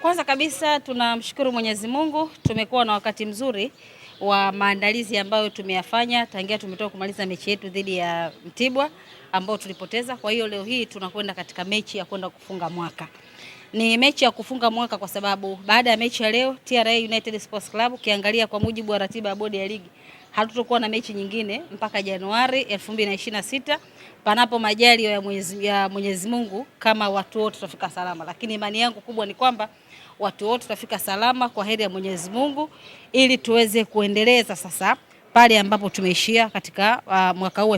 Kwanza kabisa tunamshukuru Mwenyezi Mungu, tumekuwa na wakati mzuri wa maandalizi ambayo tumeyafanya tangia tumetoka kumaliza mechi yetu dhidi ya Mtibwa ambao tulipoteza. Kwa hiyo leo hii tunakwenda katika mechi ya kwenda kufunga mwaka. Ni mechi ya kufunga mwaka kwa sababu baada ya mechi ya leo TRA United Sports Club, ukiangalia kwa mujibu wa ratiba ya bodi ya ligi hatutokuwa na mechi nyingine mpaka Januari 2026 panapo majaliwa ya Mwenyezi, ya Mwenyezi Mungu, kama watu wote tutafika salama, lakini imani yangu kubwa ni kwamba watu wote tutafika salama kwa heri ya Mwenyezi Mungu, ili tuweze kuendeleza sasa pale ambapo tumeishia katika uh, mwaka huu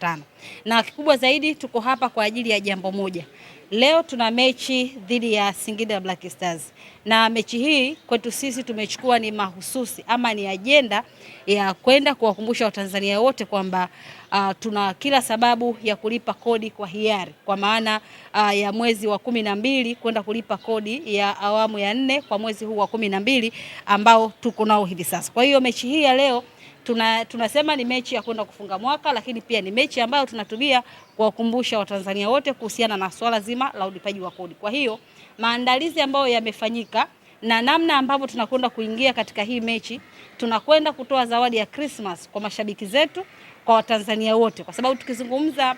tano Na kikubwa zaidi tuko hapa kwa ajili ya jambo moja. Leo tuna mechi dhidi ya Singida Black Stars, na mechi hii kwetu sisi tumechukua ni mahususi ama ni ajenda ya kwenda kuwakumbusha Watanzania wote kwamba uh, tuna kila sababu ya kulipa kodi kwa hiari, kwa maana uh, ya mwezi wa kumi na mbili kwenda kulipa kodi ya awamu ya nne kwa mwezi huu wa kumi na mbili ambao tuko nao hivi sasa. Kwa hiyo mechi hii ya leo tuna, tunasema ni mechi ya kwenda kufunga mwaka, lakini pia ni mechi ambayo tunatumia kuwakumbusha Watanzania wote kuhusiana na swala zima la ulipaji wa kodi. Kwa hiyo maandalizi ambayo yamefanyika na namna ambavyo tunakwenda kuingia katika hii mechi, tunakwenda kutoa zawadi ya Christmas kwa mashabiki zetu, kwa Watanzania wote, kwa sababu tukizungumza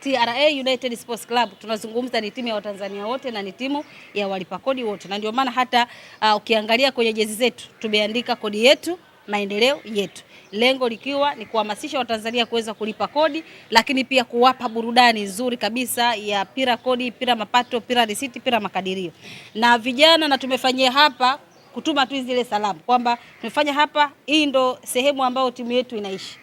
TRA United Sports Club tunazungumza ni timu ya Watanzania wote na ni timu ya walipa kodi wote, na ndio maana hata uh, ukiangalia kwenye jezi zetu tumeandika kodi yetu maendeleo yetu, lengo likiwa ni kuhamasisha Watanzania kuweza kulipa kodi, lakini pia kuwapa burudani nzuri kabisa ya pira kodi, pira mapato, pira risiti, pira makadirio na vijana, na tumefanyia hapa kutuma tu zile salamu kwamba tumefanya hapa, hii ndo sehemu ambayo timu yetu inaishi.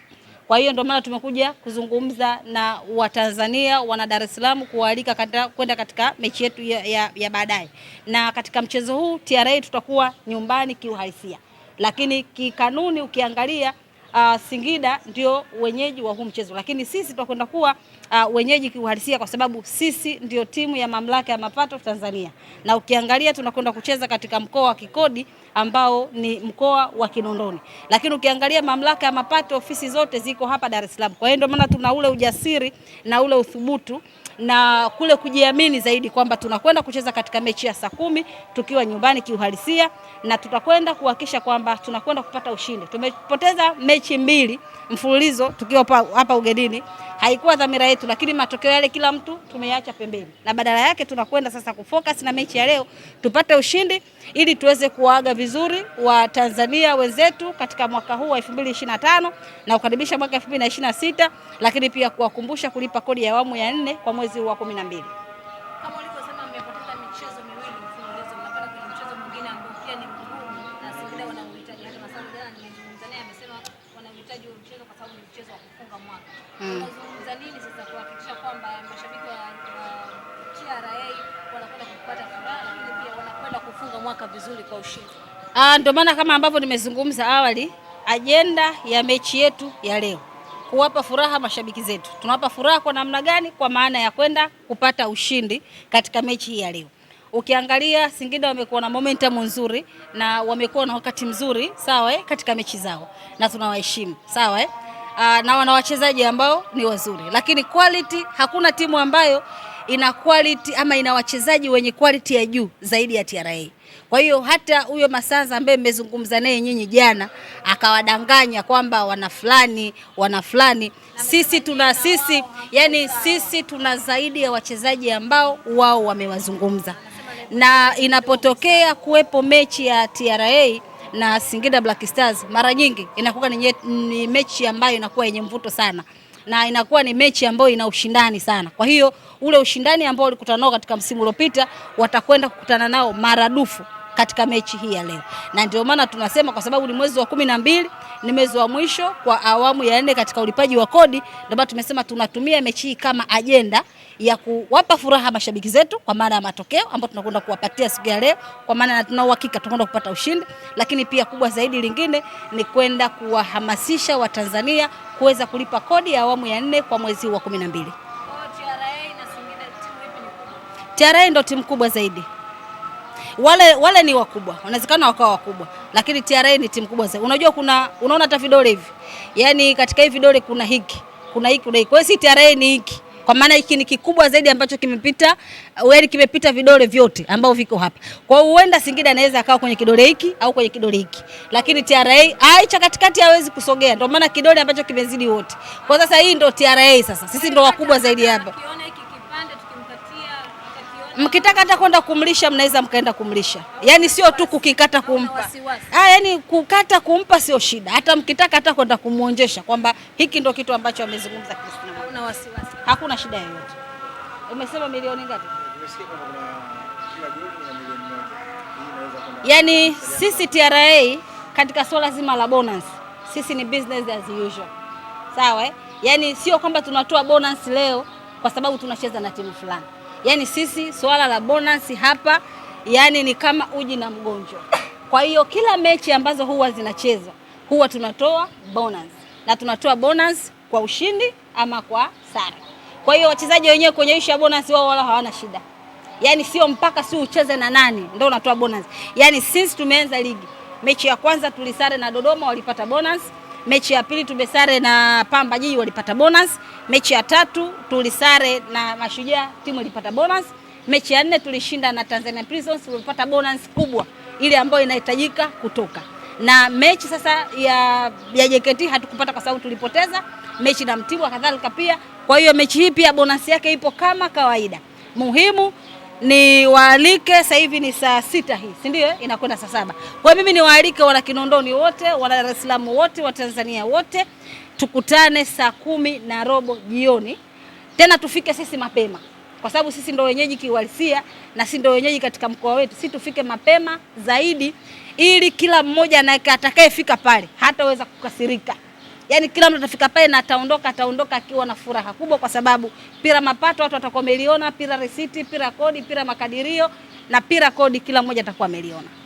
Kwa hiyo ndio maana tumekuja kuzungumza na Watanzania wana Dar es Salaam kuwaalika kwenda katika mechi yetu ya, ya, ya baadaye. Na katika mchezo huu TRA tutakuwa nyumbani kiuhalisia lakini kikanuni ukiangalia uh, Singida ndio wenyeji wa huu mchezo, lakini sisi tutakwenda kuwa uh, wenyeji kiuhalisia, kwa sababu sisi ndio timu ya mamlaka ya mapato Tanzania, na ukiangalia tunakwenda kucheza katika mkoa wa kikodi ambao ni mkoa wa Kinondoni, lakini ukiangalia mamlaka ya mapato ofisi zote ziko hapa Dar es Salaam. Kwa hiyo ndio maana tuna ule ujasiri na ule uthubutu na kule kujiamini zaidi kwamba tunakwenda kucheza katika mechi ya saa kumi tukiwa nyumbani kiuhalisia, na tutakwenda kuhakikisha kwamba tunakwenda kupata ushindi. Tumepoteza mechi mbili mfululizo tukiwa hapa ugenini haikuwa dhamira yetu, lakini matokeo yale kila mtu tumeacha pembeni, na badala yake tunakwenda sasa kufocus na mechi ya leo tupate ushindi, ili tuweze kuwaaga vizuri wa Tanzania wenzetu katika mwaka huu wa 2025 na kukaribisha mwaka 2026, lakini pia kuwakumbusha kulipa kodi ya awamu ya nne kwa mwezi wa 12. mahitaji wa mchezo kwa sababu ni mchezo wa kufunga mwaka. Hmm. Unazungumza nini sasa kuhakikisha kwamba mashabiki wa TRA wanakwenda kupata furaha lakini pia wanakwenda kufunga mwaka vizuri kwa ushindi? Ah, ndio maana kama ambavyo nimezungumza awali, ajenda ya mechi yetu ya leo kuwapa furaha mashabiki zetu. Tunawapa furaha kwa namna gani? Kwa maana ya kwenda kupata ushindi katika mechi hii ya leo. Ukiangalia Singida wamekuwa na momentum nzuri na wamekuwa na wakati mzuri sawa, eh, katika mechi zao na tunawaheshimu sawa, eh. ah, na wana wachezaji ambao ni wazuri, lakini quality, hakuna timu ambayo ina quality ama ina wachezaji wenye quality ya juu zaidi ya TRA. Kwa hiyo hata huyo Masanza ambaye mmezungumza naye nyinyi jana akawadanganya kwamba wana fulani wana fulani, sisi tuna sisi, yani sisi tuna zaidi ya wachezaji ambao wao wamewazungumza na inapotokea kuwepo mechi ya TRA na Singida Black Stars mara nyingi inakuwa ni, ni mechi ambayo inakuwa yenye mvuto sana na inakuwa ni mechi ambayo ina ushindani sana. Kwa hiyo ule ushindani ambao walikutana nao katika msimu uliopita watakwenda kukutana nao maradufu katika mechi hii ya leo, na ndio maana tunasema kwa sababu ni mwezi wa kumi na mbili ni mwezi wa mwisho kwa awamu ya nne katika ulipaji wa kodi, ndio maana tumesema tunatumia mechi hii kama ajenda ya kuwapa furaha mashabiki zetu kwa maana ya matokeo ambayo tunakwenda kuwapatia siku ya leo, kwa maana na tuna uhakika tunakwenda kupata ushindi, lakini pia kubwa zaidi lingine ni kwenda kuwahamasisha Watanzania kuweza kulipa kodi ya awamu ya nne kwa mwezi wa kumi na mbili. TRA ndo timu kubwa zaidi wale wale ni wakubwa, wanawezekana wakawa wakubwa, lakini TRA ni timu kubwa sana. Unajua kuna unaona hata vidole hivi, yaani katika hivi vidole kuna hiki kuna hiki kuna hiki, kwa hiyo si TRA ni hiki kwa maana hiki ni kikubwa zaidi ambacho kimepita wewe uh, yaani kimepita vidole vyote ambao viko hapa. Kwa hiyo huenda Singida anaweza akawa kwenye kidole hiki au kwenye kidole hiki, lakini TRA aicha katikati hawezi kusogea, ndio maana kidole ambacho kimezidi wote. Kwa sasa hii ndio TRA, sasa sisi ndio wakubwa zaidi hapa. Mkitaka hata kwenda kumlisha mnaweza mkaenda kumlisha, yaani sio tu kukikata kumpa. Ah, yani kukata kumpa sio shida, hata mkitaka hata kwenda kumwonjesha kwamba hiki ndo kitu ambacho amezungumza Kristina, hakuna wasiwasi, hakuna shida yoyote. Umesema milioni ngapi? Yaani sisi TRA katika swala zima la bonus, sisi ni business as usual, sawa eh? Yaani sio kwamba tunatoa bonus leo kwa sababu tunacheza na timu fulani Yaani sisi swala la bonus hapa yani ni kama uji na mgonjwa. Kwa hiyo kila mechi ambazo huwa zinachezwa huwa tunatoa bonus na tunatoa bonus kwa ushindi ama kwa sare. Kwa hiyo wachezaji wenyewe kwenye issue ya bonus wao wala hawana shida. Yaani sio mpaka si ucheze na nani ndio unatoa bonus. Yaani since tumeanza ligi mechi ya kwanza tulisare na Dodoma walipata bonus mechi ya pili tumesare na Pamba Jiji, walipata bonus. Mechi ya tatu tulisare na Mashujaa, timu ilipata bonus. Mechi ya nne tulishinda na Tanzania Prisons, tulipata bonus kubwa ile ambayo inahitajika kutoka na mechi sasa ya, ya JKT hatukupata kwa sababu tulipoteza mechi na Mtibwa kadhalika pia. Kwa hiyo mechi hii pia bonasi yake ipo kama kawaida. Muhimu ni waalike sasa hivi ni saa sita hii si ndio? Inakwenda saa saba. Kwa mimi ni waalike wana Kinondoni wote, wana Dar es Salaam wote, Watanzania wote tukutane saa kumi na robo jioni, tena tufike sisi mapema, kwa sababu sisi ndo wenyeji kiuhalisia na sisi ndo wenyeji katika mkoa wetu. Sisi tufike mapema zaidi, ili kila mmoja na atakayefika pale hataweza kukasirika yani kila mtu atafika pale na ataondoka, ataondoka akiwa na furaha kubwa, kwa sababu pira mapato watu watakuwa wameliona, pira risiti, pira kodi, pira makadirio na pira kodi, kila mmoja atakuwa ameliona.